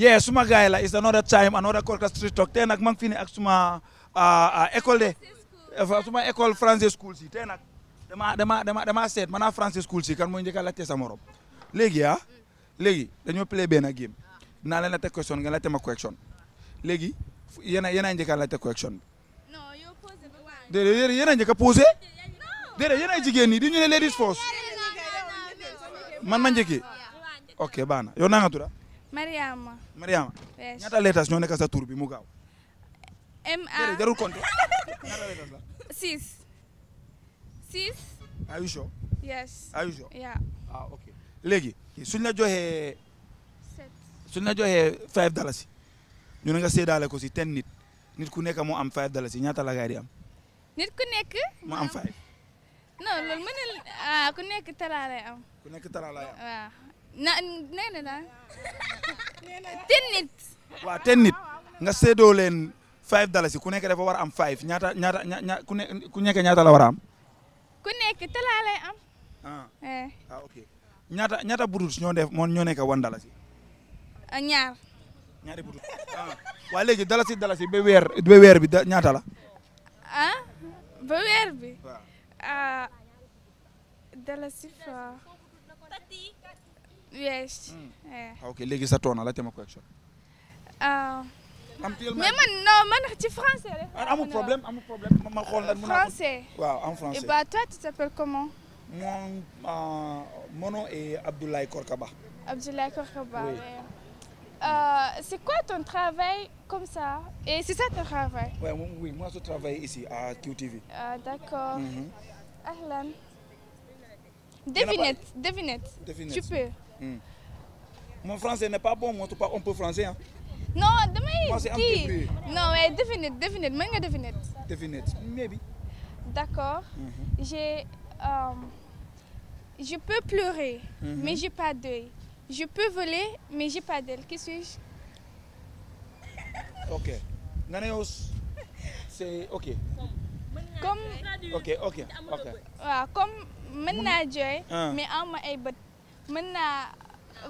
yeah suma gaay la is another time another Korka street talk tey nag maa ngi fi ak suma école de eh, suma école français school si tey nag dama dama dama dama seet maanaam français school si kan mooy njëkk a laajte sa morom léegi ah léegi dañoo play benn game dinaa leen la teg question nga la tema correction léegi yéen a yéen a njëkk a laajte correction bi déedéet yéen jigéen ñi di ñu ne man ma njëkkee ok baax Mariama. Mariama. weesu ñaata lettres ñoo nekk sa tur bi mu gaaw. M A jarul compter ñaata lettres la. six. six. are you sure. yes. are ah, suñ la joxee. suñ la joxee five dalasi. ñu ne nga séeddaale ko si ten nit. nit ku nekk mu am five dalasi ñaata la di am. nit ku nekk. moo am five. non loolu mën na ah, ku nekk tara am. ku nekk tara am na nee na Tenit. nit tenit. ten nit nga séedoo leen five dalasi ku nekk dafa war am five ñaata ñaata ña ku ne ku nekk ñaata la war a am ku nekk talaa lay am ah. Eh. ah ok ñaata ñaata budut ñoo def moo ñoo nekk wan dalasi ñaar ñaari budut ah. waa léegi dalasi dalasi ba weer ba weer bi ñaata la ah ba weer bi ah. dalasi fa Yes. Mm. Yeah. Ah, ok, léegi sa là la ma question. Ah. mais non je suis français Ah, mon problème je problème français waaw en français. et eh bah toi tu t'appelles comment. mon ah, mon nom est Abdoulaye Korkaba. Abdoulaye Korkaba. Euh, c'est quoi ton travail comme ça Et c'est ça ton travail Oui, moi je travaille ici à QTV. Ah, d'accord. Mm Ahlan. Devinette, devinette, devinette. Tu peux. Mm. Mon français n'est pas bon, moi, tout pas, on peut français. Hein. Non, demain, il Non, mais definite, definite, moi, je definite. Devinez, maybe. D'accord. Mm -hmm. J'ai. Euh, je peux pleurer, mm -hmm. mais j'ai pas d'œil. Je peux voler, mais j'ai pas d'aile. Qui suis-je? Ok. Naneos, c'est ok. Comme. Ok, ok, ok. Ouais, comme maintenant, ah. mais en ma mën naa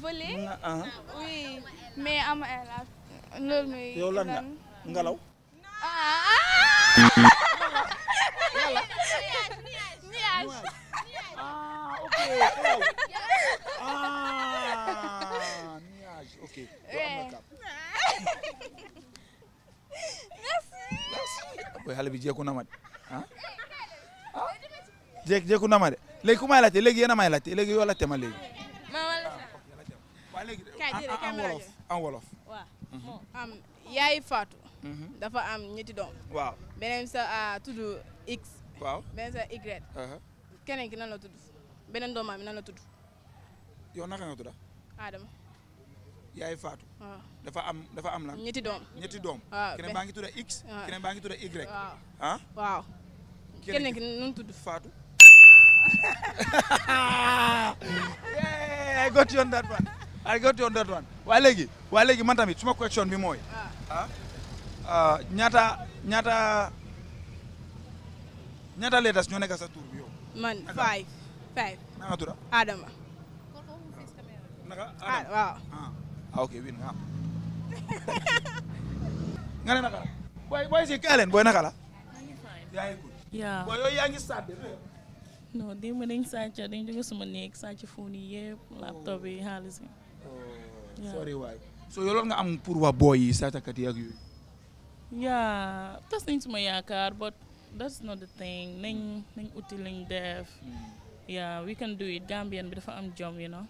voler. mën naa ah. oui mais am la loolu mooy. yow lan nga ngelaw. ah ok ah nuage ok. merci. xale bi jékku na ma de ah, ah? jékku na ma de léegi ku may laajte léegi yéen a may laajte léegi yoo laajte ma léegi. en wolof en wolof. waaw mhm. am yaay Fatou. Mhm. dafa am ñetti doom. waaw beneen sa ah, tudd X. waaw beneen sa Y. Uh-huh. keneen ki nan la tudd beneen doomam bi nan la tudd. yow naka nga tudd. Adama. yaay Fatou. dafa am dafa am lan. ñetti doom ñetti doom. waaw baa ngi tudd X. waaw baa ngi tudd Y. waaw ah. waaw. keneen ki nu tudd Fatou. I got you that one. I got you on that one léegi waaye man tamit suma question bi mooy ah. Ah, ah, ñaata ñaata ñaata letters ñoo nekk sa tur bi yow. man five five. na nga Adama. naka Adama waaw. ah ok win nga ne naka la. booy booy si kaay leen booy naka yaa booy yaa ngi sàcc de. non démb dañ sàcc dañ jóge suma néeg sàcc fóon yi yëpp laptop yi xaalis yi. sorry why so yow loolu nga am pour wa boy yi saatakat yi ak yooyu yeah tas nañ suma yaakaar but that's not the thing nañ nañ uti lañ def mm. yeah we can do it Gambian bi dafa am jom you know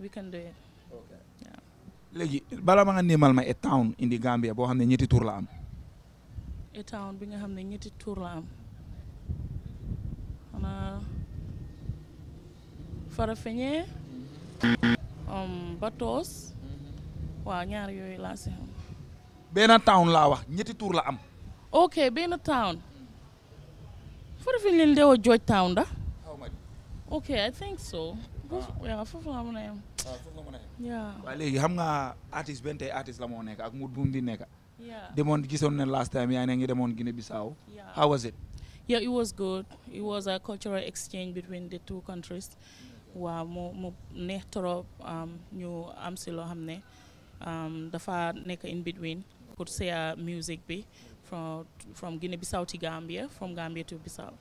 we can do it okay yeah léegi bala ma nga nimal ma a town indi Gambia boo xam ne ñetti tour la am a town bi nga xam ne ñetti tour la am xanaa Farafenni mm. Um, Batos. Mm-hmm. waaw ñaar yooyu laa si xam. town laa wax ñetti tour la am. ok benn town. foofu leen de woo George town da. ok I think so. Ah. waaw la mën a yem. waaw ah, foofu la mën a yem. waaw léegi xam nga artiste benn tey artiste la moo nekk ak mu di nekk. gisoon ne last time ngi demoon Guinée Bissau. how was it. yeah it was good it was a cultural exchange between the two countries. waaw mu mu neex trop um, ñu am si loo xam ne um, dafa nekk in between pour share music bi from from Guinée Bissau to Gambia from Gambia to Bissau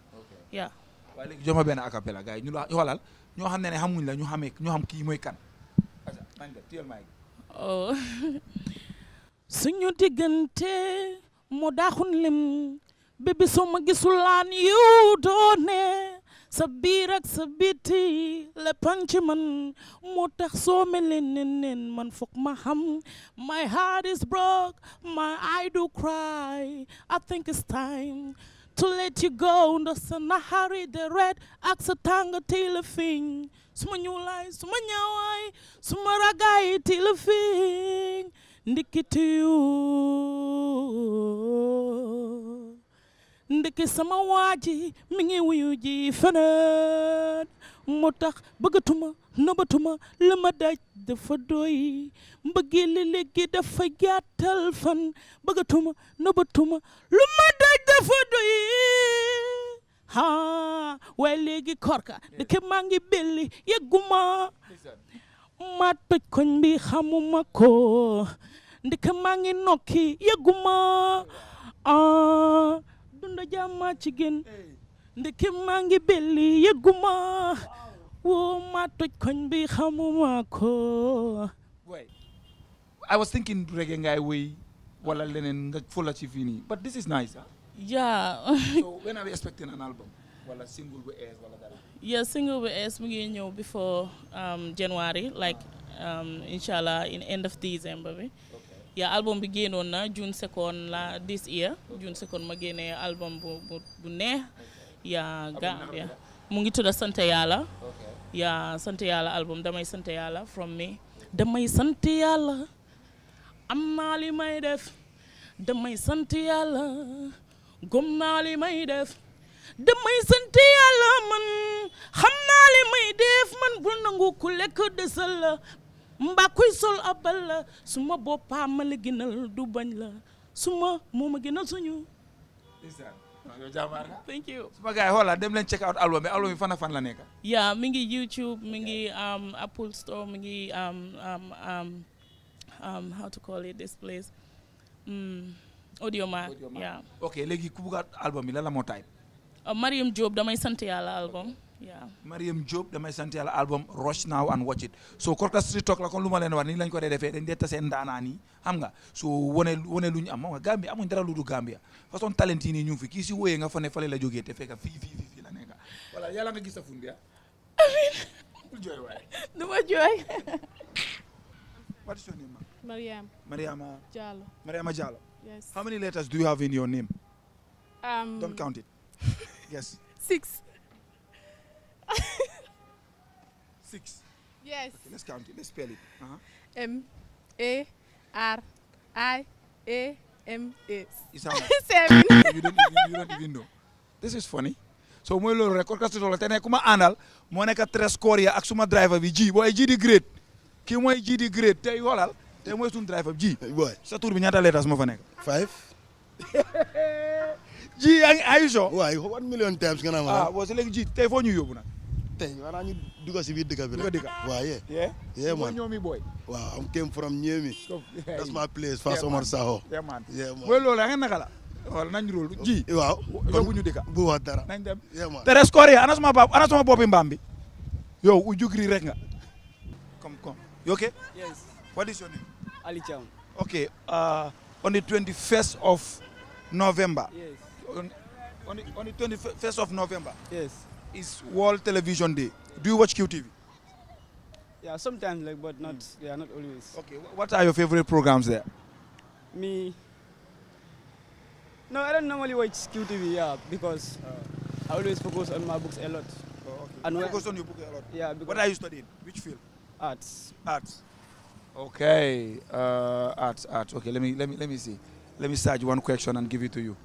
yeah waaye léegi benn a cappella gars yi ñu ñoo xam ne ne xamuñ la ñu xamee ñu xam kii mooy kan oh suñu diggante mu daaxun lim bébé soo ma gisul laan sa biir ak sa man moo tax soo man foog ma xam my heart is broke my eye do cry I think it's time to let you go ndax sa naxari the red ak sa tànga tey la fiñ suma ñuulaay suma ñaawaay suma ragaay tey la ndikiti yu ndeke sama waa ji mi ngi wuyu ji feneen moo tax bëggatuma nëbatuma la ma daj dafa doy mbëggeel léegi dafa gàttal fan bëggatuma nëbatuma lu ma daj dafa doy ah waaye korka ndeke maa ngi belli yegguma ma toj koñ bi xamuma ko ndeke maa ngi nokki yegguma ah dunda jàmma ndeke maa ngi belli yëgguma woo maa toj koñ bi xamuma ko I was thinking reggae ngay woy wala leneen nga fula ci fii nii but this is nice yeah single bu ees wala dara yeah before um, January like um, inshallah in end of December bi yaa album bi génnoon June second la this year June second ma génnee album bu bu neex yaa ga mu ngi tudda sant yàlla yaa sant yàlla album damay sant yàlla am naa may def damay sant yàlla gom may def damay sant yàlla man xam naa may def man bu nangu ku lekk desal mbaa kuy sol abal la su ma boppam ma la gënal du bañ la su ma moo ma gënal suñu. yow jàmbaar nga thank you suma gars dem leen check out album bi album yi fan ak fan la nekk yaa mi ngi YouTube mi ngi um, Apple Store mi ngi um, um, how to call it this place mm, Audiomack yaa ok léegi ku bugg album bi la la moo taay uh, Mariam Diop damay sant yàlla album waaw Mariam Diop damay sant yàlla album Rush Now and Watch It so Korka lu ma leen war nii lañ ko dee defee dañ dee tasee ndaanaan yi xam nga so wane wane lu ñu am nga dara lu du Gambia façon talent yi ñu ngi fi kii si wooyee nga fa ne fale la jógee te fekk fii fii fii fii la nekk voilà yàlla nga gis a fun bi ah. amiin. bul waaye. du ma jooy. ma. Mariam. how many letters do you have in your name. um. count it. yes. Six. Yes. Okay, let's count it. Let's spell it. Uh -huh. M A R I A M A. It's how much? Seven. you, don't, you, you don't even know. This is funny. so mooy loolu rek orchestre solo te ne ku ma àndal moo nekk tres score ya ak suma driver bi ji booy ji di grade kii mooy ji di grade tey xoolal tey mooy suñu driver bi ji. booy sa tour bi ñaata lettres moo fa nekk. five. ji yaa ngi ayusoo. waaw one million times nga naan ma. ah boo si léegi ji tey foo ñu yóbbu nag. tey maanaam ñu dugg si biir dëkk bi nga naka uh, on the twenty first of November. is World Television Day. Do you watch QTV? Yeah, sometimes, like, but not, mm. yeah, not always. Okay, what are your favorite programs there? Me? No, I don't normally watch QTV, yeah, because uh, I always focus on my books a lot. Oh, okay. And focus on your book a lot? Yeah. what are you studying? Which field? Arts. Arts. Okay, uh, arts, arts. Okay, let me, let me, let me see. Let me start one question and give it to you.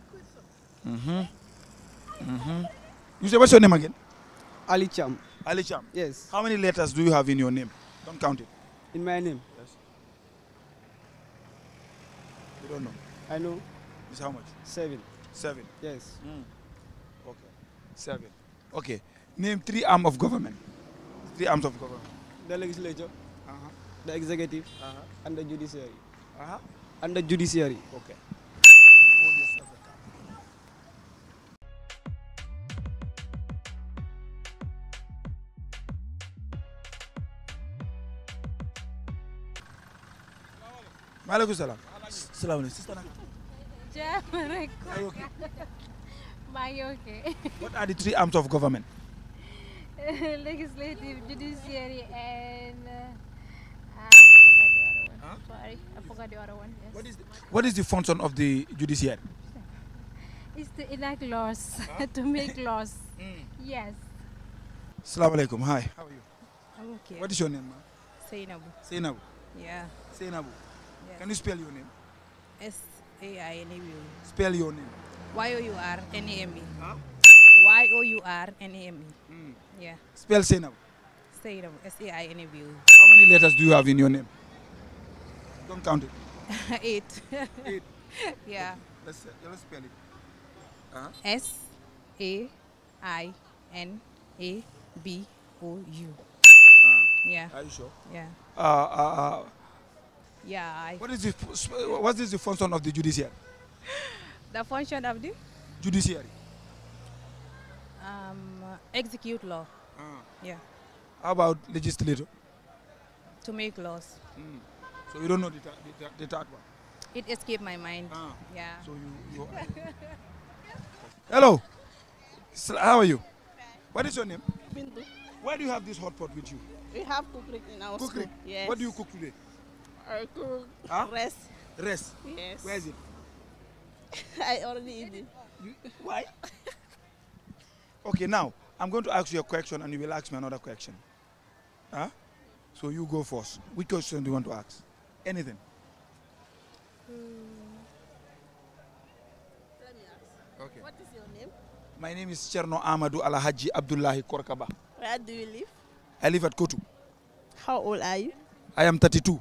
Mm-hmm. Mm-hmm. You say, what's your name again? Ali Cham. Ali Cham? Yes. How many letters do you have in your name? Don't count it. In my name? Yes. You don't know? I know. It's how much? Seven. Seven? Yes. Mm. Okay. Seven. Okay. Name three arms of government. Three arms of government. The legislature, uh -huh. the executive, uh -huh. and the judiciary. Uh -huh. And the judiciary. Okay. maaleykum salaam. salaamaaleykum sister naka. jaam rek. maa ngi ok. maa ngi ok. what are the three arms of government. legislative, judiciary and uh, I forgot the other one. Huh? Sorry, I forgot the other one. Yes. What is the, what is the function of the judiciary? It's to enact laws, huh? to make laws. mm. Yes. Assalamu alaikum. Hi. How are you? I'm okay. What is your name, ma'am? Seinabu. Seinabu. Yeah. Seinabu. Can you spell your name? S-A-I-N-A-M-E. Spell your name. Y-O-U-R-N-A-M-E. Huh? Y-O-U-R-N-A-M-E. Mm. Yeah. Spell Sainab. Sainab. S-A-I-N-A-B-U. How many letters do you have in your name? Don't count it. Eight. Eight. Yeah. Okay. Let's, uh, let's spell it. Uh -huh. S-A-I-N-A-B-O-U. Uh ah. Yeah. Are you sure? Yeah. Uh, uh, uh yeah. I what is the what is the function of the judiciary? the function of the judiciary. Um, execute law. Ah. Yeah. How about legislator? To make laws. Mm. So you don't know the, th the, the, third one. It escaped my mind. Ah. Yeah. So you. you Hello. How are you? What is your name? Bindu. Why do you have this hot pot with you? We have cooking in our cooking. Yes. What do you cook today? I cook huh? rest. Rest? Yes. Where is it? I already eat it. You, why? okay, now, I'm going to ask you a question and you will ask me another question. Huh? So you go first. Which question do you want to ask? Anything. Hmm. Okay. What is your name? My name is Cherno Amadou Alahaji Abdullahi Korkaba. Where do you live? I live at Kotu. How old are you? I am 32.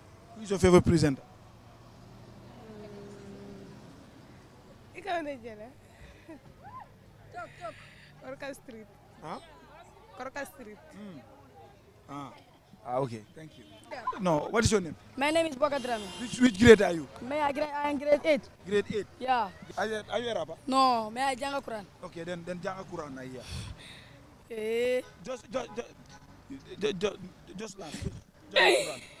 Who is your favorite presenter? Ikawande Jela. Tok tok. Korka Street. Huh? Korka Street. Mm. Ah. Ah, okay, thank you. Yeah. No, what is your name? My name is Bogadram. Which, which grade are you? May I, grade, I am grade 8. Grade 8? Yeah. Are you, are you a rapper? No, may I Janga Quran? Okay, then, then Janga Quran I hear. Eh. Just, just, just, just, just, just laugh. Just, just Quran.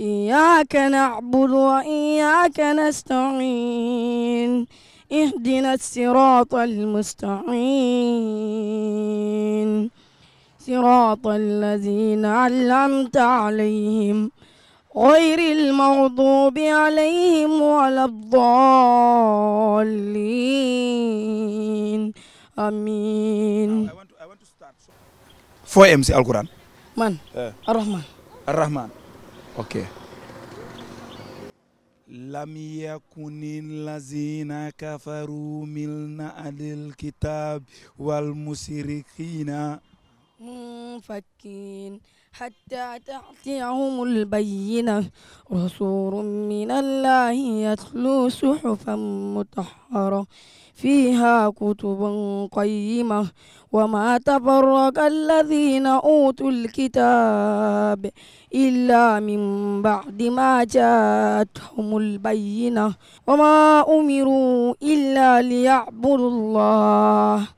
إياك نعبد وإياك نستعين اهدنا الصراط المستقيم صراط الذين علمت عليهم غير المغضوب عليهم ولا الضالين امين فوي ام سي القران من الرحمن الرحمن ok lam yakunil lazina kafaru min ahlil kitab wal musrikiina munfakin حتى تأتيهم البينة رسول من الله يتلو صحفا مطهرة فيها كتب قيمة وما تفرق الذين أوتوا الكتاب إلا من بعد ما جاءتهم البينة وما أمروا إلا ليعبدوا الله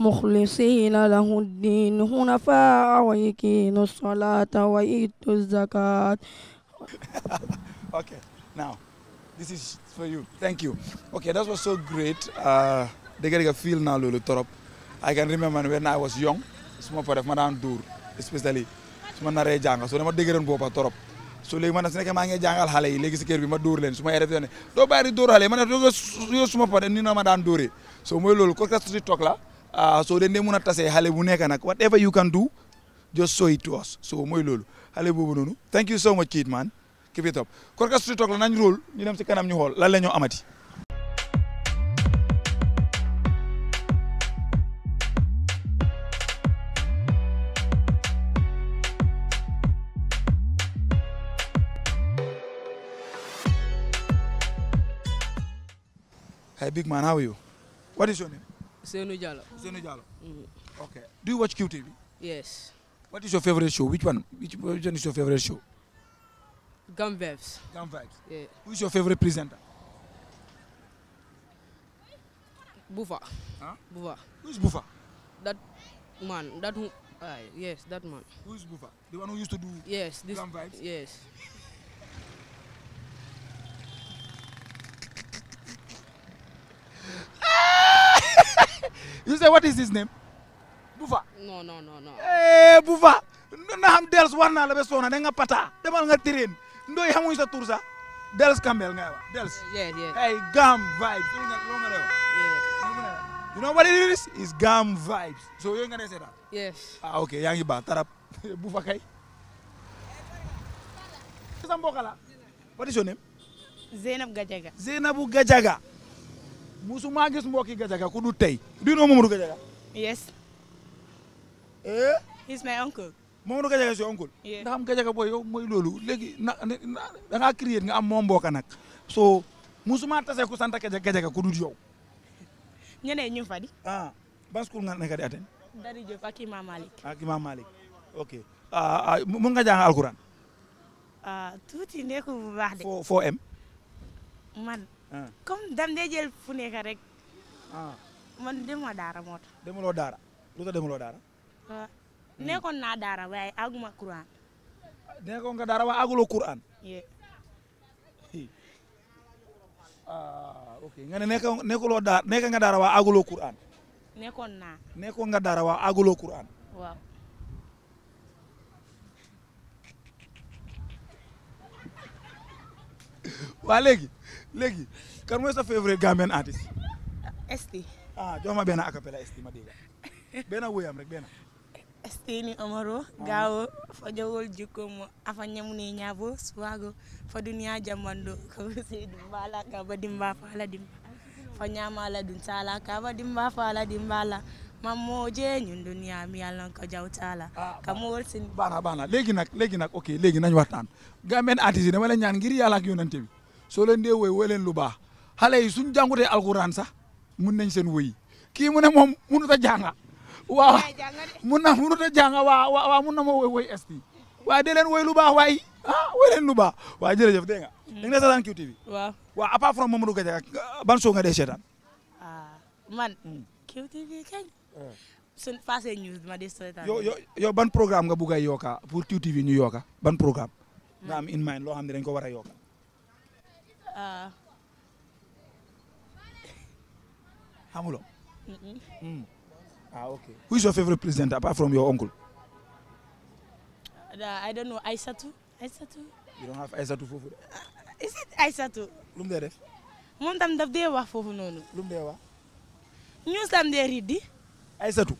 مخلصين له الدين حنفاء ويكين الصلاة ويؤتوا الزكاة Okay, now this is for you. Thank you. Okay, that was so great. Uh, they're a feel now, Lulu Torop. I can remember when I was young, small for the Madame Dour, especially. su ma naree so dama dégg ren boppa torop so léegi man su nekkee jangal ngi jàngal xale yi léegi si kër bi ma dóor leen su ma yéref ne doo bàyyi suma ni na ma daan so mooy loolu ko si toog la ah soo leen dee mën a tasee xale bu nekk nag whatever you can do just show it so mooy loolu xale boobu noonu thank you so much kid man keep it up Korka Street la nañ rool ñu dem si kanam ñu xool lan la ñoo amati. seenu Diallo. Senu Diallo. Mm-hmm. Okay. Do you watch QTV? Yes. What is your favorite show? Which one? Which one is your favorite show? Gum Vibes. Gum Vibes. Yeah. Who is your That man. That who? Uh, yes, that man. you say what is his name Bufa non non non non eh, na xam dels war naa be soona da nga pata demal nga train ndoy xamuñ sa tur sax dels Kambel ngay wax dels ay gam vibes lo nga you know what it is gam vibes so yooyu nga ne seetaan yes ah, ok yaa ngi baax tarap Bufa kay sa la what is your name Zeynab Gajaga Zeynabu Gajaga musuma gis mbokki gadjaka ku du tay do you know gadjaka yes eh he's my uncle Mamadou gadjaka si uncle yeah. ndax am gadjaka boy yow moy lolou legui na da nga créer nga am mom mboka nak so musuma tase ku sant gadjaka ku du yow ñene ñu fa di ah ban school nga nekk di dari Diop ak Imam Malik ah, ak Imam Malik ok ah mo nga jang alcorane ah, ah touti neku bu baax de fo fo em man Ah. comme dam dee jël fu nekk rek. Ah. man demoo daara moo tax. demuloo daara lu tax demuloo daara. waaw ah. nekkoon naa daara waaye àgguma Qur'an. nekkoon nga daara waaye àgguloo Qur'an. ah ok nga ne nekkoon nekkuloo daara nekk nga daara waaye àgguloo Qur'an. nekkoon naa. nekkoon nga daara waaye àgguloo Qur'an. waaw. waa Lagi, kan mooy sa favorite gamen artist? Eh, Esti. ah joma ma akapela Esti, ST ma dégg benn Esti rek benn. steni omaro gawo fo jowol jikkomo afa ñamune ñaabo suwago fo duniya jammando ko seydu mbala ka ba dimba fala dimba fo ñamala dun sala ka ba dimba fala dimbala mammo je ñun duniya mi yallan ko jawtala ah, kam wol sin bana bana léegi nak, léegi nak, ok léegi nañ waxtaan Gamen artist, artiste dama la ñaan ngir yàlla ak yonante bi soo leen dee woy woy leen lu baax xale yi suñ jàngutee alxuraan sax mun nañ seen woy kii mu ne moom munut a jànga waaw mun na munut a jànga waa waa mun na ma woy woy esti waa dee leen woy lu baax waay ah woy leen lu baax waaye jërëjëf dégg nga da nga seetaan QTV waaw waaw à part from Mamadou Gadiaga ah, ban show nga dee seetaan ah man QTV kañ hmm. sun passé news ma dee seetaan yow yow yow ban programme nga bugg a yokka pour QTV ñu yokka ban programme nga am in mind loo xam ne dañ ko war a yokka xamuloo. Uh, mm. ah okay. who is your favourite president apart from your uncle. Uh, I don't know Aysatu Aysatu. you don't have Aysatu foofu de. Uh, is it Aysatu. lu mu dee def. moom tam daf dee wax foofu noonu. lu mu dee wax. ñu sam dee riddi. Aysatu.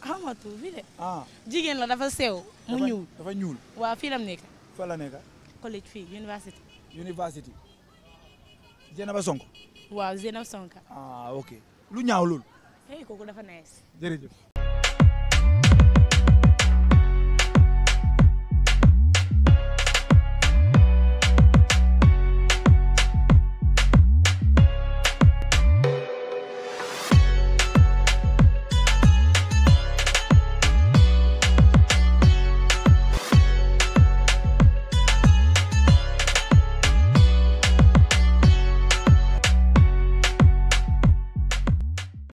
xamatu bi de. ah jigéen la dafa sew. mu ñuul dafa ñuul. waaw fii la mu nekk. fa la nekk. collège fii université. University Jenaba Sonko. waaw Jenaba Sonko. ah ok lu ñaaw loolu. hey kooku dafa nice. jërëjëf.